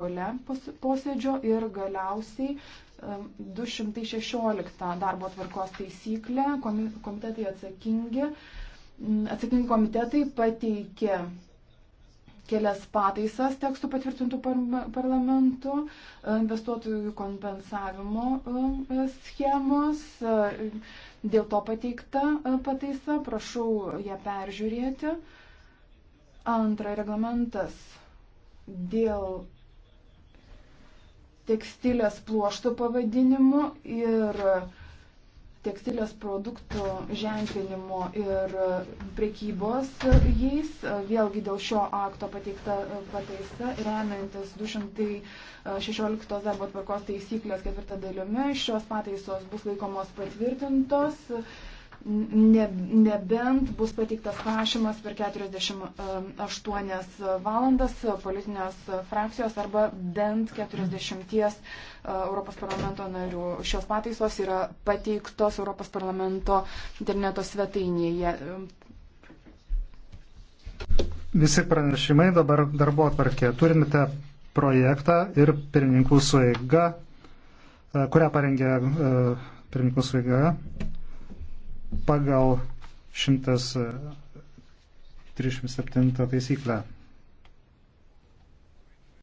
gale posėdžio ir galiausiai 216 darbo tvarkos taisyklė, komitetai atsakingi, atsakingi komitetai pateikė kelias pataisas tekstų patvirtintų parlamentu, e, investuotojų kompensavimo e, schemos, e, dėl to pateikta pataisa, prašau ją peržiūrėti. Antra, reglamentas dėl tekstilės pluoštų pavadinimu ir tekstilės produktų ženklinimo ir prekybos jais. Vėlgi dėl šio akto pateikta pataisa, remiantis 216 darbo tvarkos taisyklės ketvirtą dalimi, šios pataisos bus laikomos patvirtintos ne, nebent bus pateiktas prašymas per 48 valandas politinės frakcijos arba bent 40 e, Europos parlamento narių. Šios pataisos yra pateiktos Europos parlamento interneto svetainėje. Visi pranešimai dabar darbo atvarkė. Turimite projektą ir pirmininkų sueiga, e, kurią parengė e, pirmininkų sueiga pagal 137 e, taisyklę.